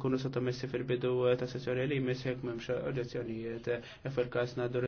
kunu sottomessi fil-bidu ta' sessjoni li jmissi jekk memx oġezzjonijiet e fil-kas nadur